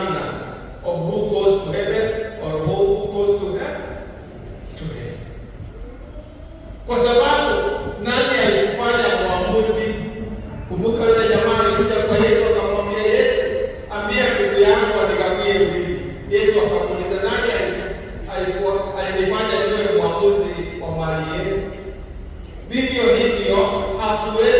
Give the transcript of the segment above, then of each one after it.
determinant of who goes to heaven or who goes to hell to hell, kwa sababu nani alifanya uamuzi? Kumbuka yule jamaa alikuja kwa Yesu akamwambia Yesu, ambia ndugu yangu hivi. Yesu akamuuliza nani alikuwa alinifanya niwe mwamuzi wa mali yenu? Vivyo hivyo hatuwezi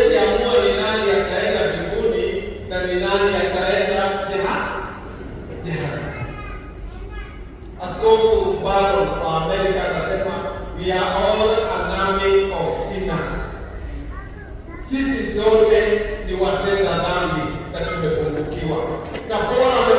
sisi sote ni watenda dhambi na tumepungukiwa na kuona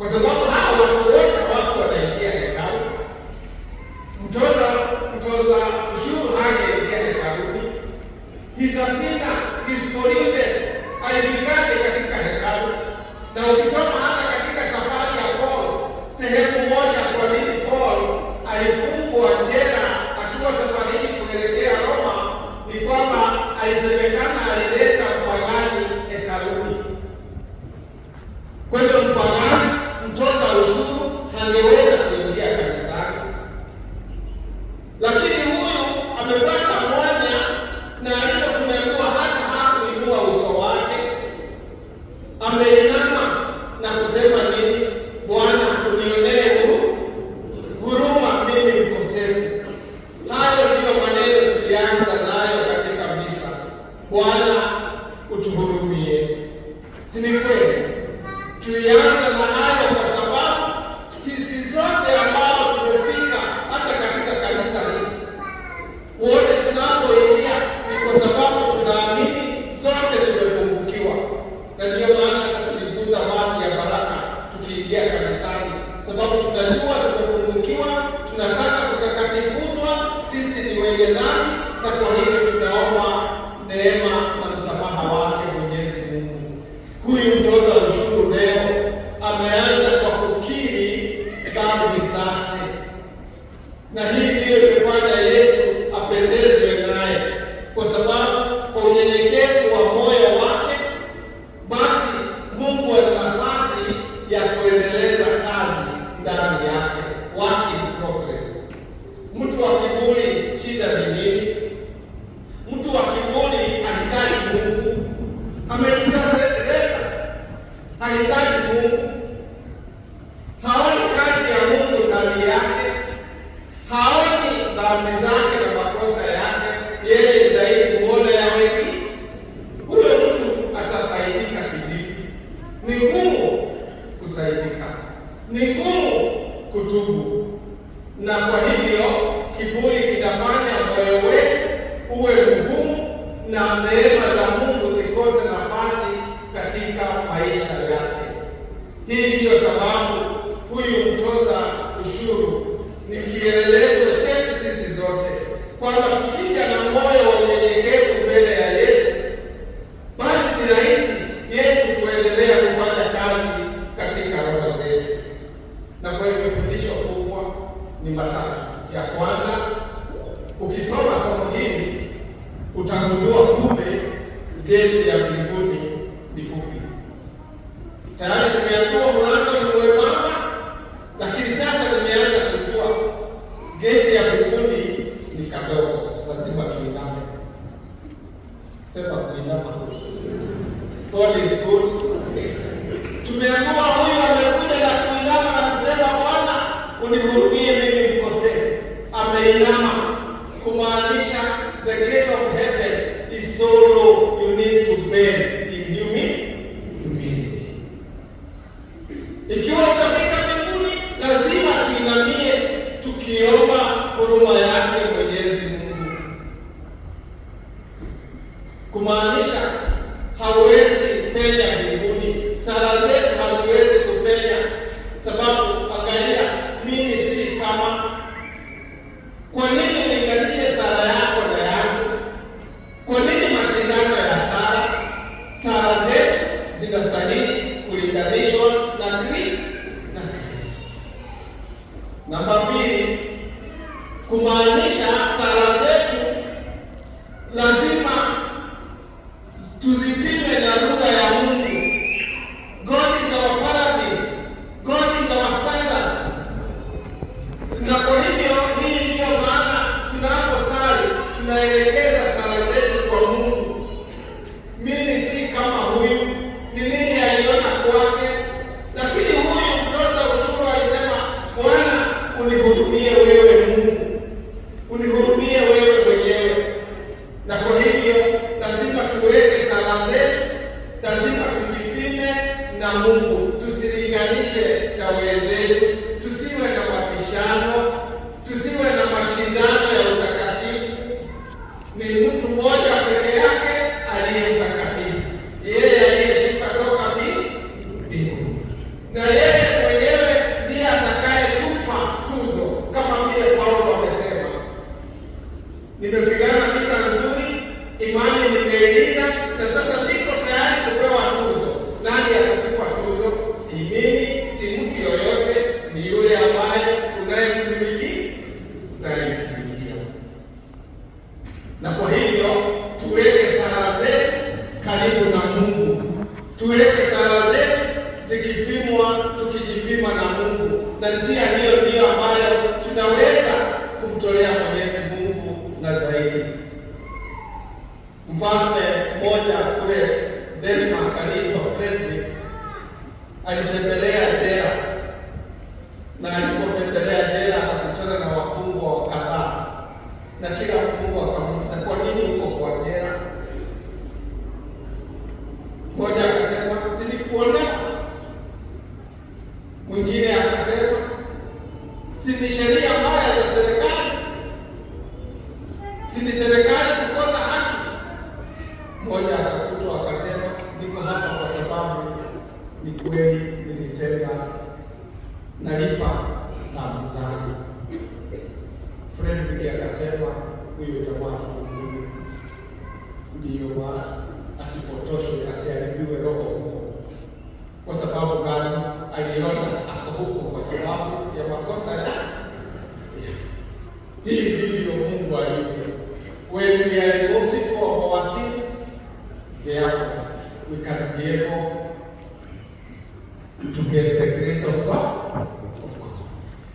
Mas eu vou lá, eu Si ni kweli? Tuianze mahali kwa sababu sisi zote ambao tumefika hata katika kanisa hili wote tunapoingia ni kwa sababu tunaamini zote tumepungukiwa, na ndiyo maana tuliguza maji ya baraka tukiingia kanisani, sababu tunajua tumepungukiwa, tunataka tutakatifuzwa, sisi ni wenye dhambi na kwa hiyo wanamhitaji Mungu, haoni kazi ya Mungu ndani yake, haoni dhambi zake na makosa yake, yeye zaidi kuona ya wengine. Huyo mtu atafaidika kivipi? Ni ngumu kusaidika, ni ngumu kutubu, na kwa hivyo kiburi kitafanya moyo wetu uwe mgumu na neema kwamba tukija na moyo wa unyenyekevu mbele ya Yesu, basi ni rahisi Yesu kuendelea kufanya kazi katika roho zetu. Na kwa hivyo fundisho kubwa ni matatu. Ya kwanza, ukisoma somo hili utagundua kumbe geti ya mbinguni ni fupi. Tayari tumeambiwa mlango unihurumie mimi mkosefu. Ameinama kumaanisha the gate of heaven is so low you need to bend in humility. Ikiwa utafika mbinguni, lazima tuinamie tukiomba huruma yake. nimeilinda na sasa niko tayari kupewa tuzo. Nani atakupa tuzo? Si mimi, si mtu yoyote, ni yule ambaye unayemtumikia unayemtumikia. Na kwa hivyo tuweke sala zetu karibu na Mungu, tuweke sala zetu zikipimwa, tukijipima na Mungu na njia hiyo Mmoja akakutwa akasema, niko hapa kwa sababu ni kweli nilitenda, nalipa na zangu. Fredriki akasema, huyo itakuwa afunguliwe, ndiyo asipotoshwe asiharibiwe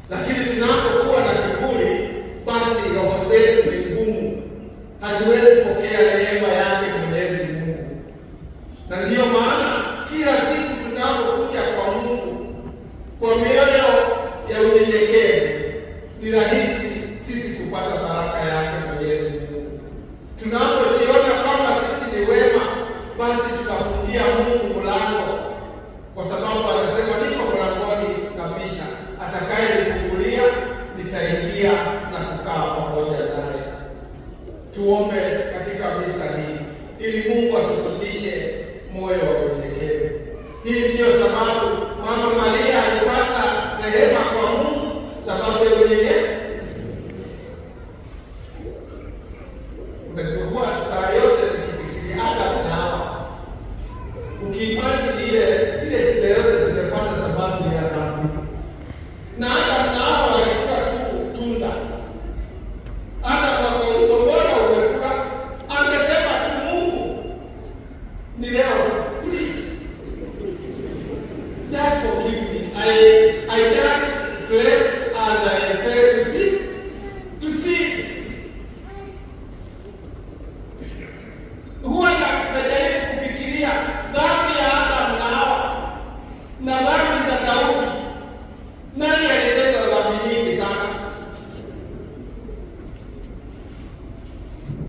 lakini tunapokuwa na kiburi, basi roho zetu ni ngumu, haziwezi Mungu akifundishe moyo wa unyenyekevu. Hii ndiyo sababu Mama Maria alipata neema kwa Mungu sababu